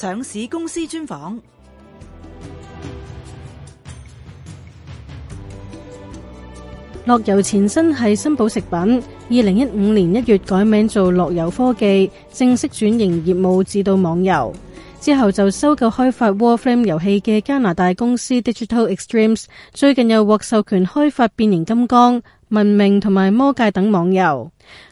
上市公司專訪。樂遊前身係森寶食品，二零一五年一月改名做樂遊科技，正式轉型業務至到網遊。之後就收購開發 Warframe 遊戲嘅加拿大公司 Digital Extremes，最近又獲授權開發變形金剛、文明同埋魔戒等網遊。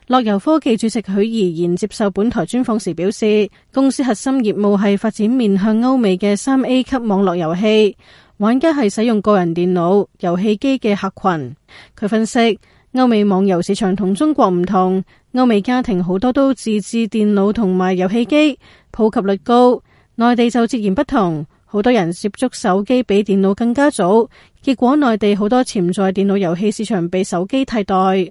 樂遊科技主席許怡然接受本台專訪時表示，公司核心業務係發展面向歐美嘅三 A 級網絡遊戲，玩家係使用個人電腦、遊戲機嘅客群。佢分析，歐美網遊市場同中國唔同，歐美家庭好多都自製電腦同埋遊戲機，普及率高。內地就截然不同，好多人接觸手機比電腦更加早，結果內地好多潛在電腦遊戲市場被手機替代。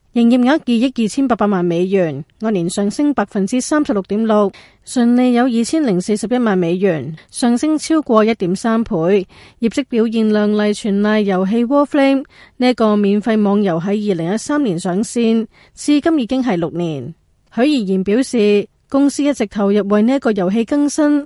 營業額二億二千八百萬美元，按年上升百分之三十六點六，純利有二千零四十一萬美元，上升超過一點三倍。業績表現亮麗，全賴遊戲 Warframe 呢個免費網遊喺二零一三年上線，至今已經係六年。許怡然表示，公司一直投入為呢一個遊戲更新。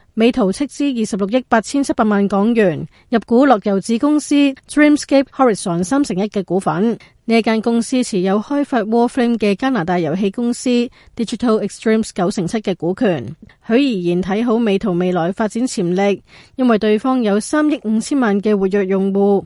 美圖斥資二十六億八千七百萬港元入股樂遊子公司 Dreamscape Horizon 三成一嘅股份，呢間公司持有開發 Warframe 嘅加拿大遊戲公司 Digital Extremes 九成七嘅股權。許怡然睇好美圖未來發展潛力，因為對方有三億五千萬嘅活躍用戶。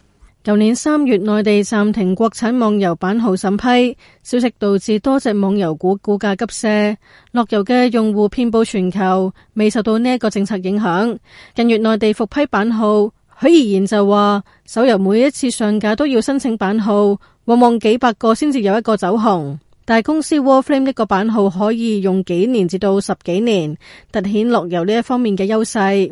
舊年三月，內地暫停國產網遊版號審批，消息導致多隻網遊股股價急瀉。樂遊嘅用戶遍布全球，未受到呢一個政策影響。近月內地復批版號，許怡然就話，手遊每一次上架都要申請版號，往往幾百個先至有一個走紅。但係公司 Warframe 一個版號可以用幾年至到十幾年，凸顯樂遊呢一方面嘅優勢。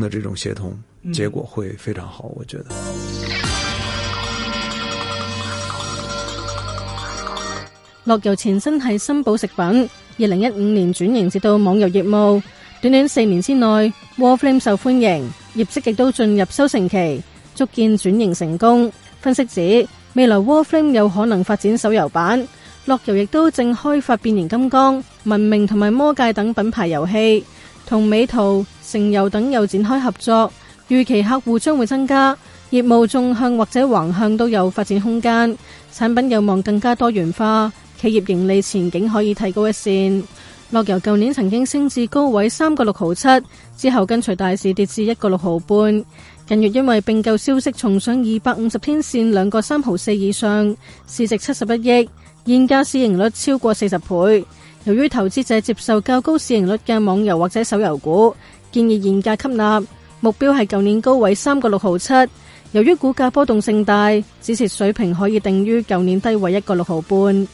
的這種協同結果會非常好，我覺得。樂遊前身係森寶食品，二零一五年轉型至到網遊業務，短短四年之內，Warframe 受歡迎，業績亦都進入收成期，足見轉型成功。分析指，未來 Warframe 有可能發展手遊版，樂遊亦都正開發變形金剛、文明同埋魔戒等品牌遊戲。同美圖、成遊等又展開合作，預期客戶將會增加，業務縱向或者橫向都有發展空間，產品有望更加多元化，企業盈利前景可以提高一線。樂遊舊年曾經升至高位三個六毫七，之後跟隨大市跌至一個六毫半，近月因為併購消息重上二百五十天線兩個三毫四以上，市值七十一億，現價市盈率超過四十倍。由於投資者接受較高市盈率嘅網遊或者手遊股，建議現價吸納，目標係舊年高位三個六毫七。由於股價波動性大，止蝕水平可以定於舊年低位一個六毫半。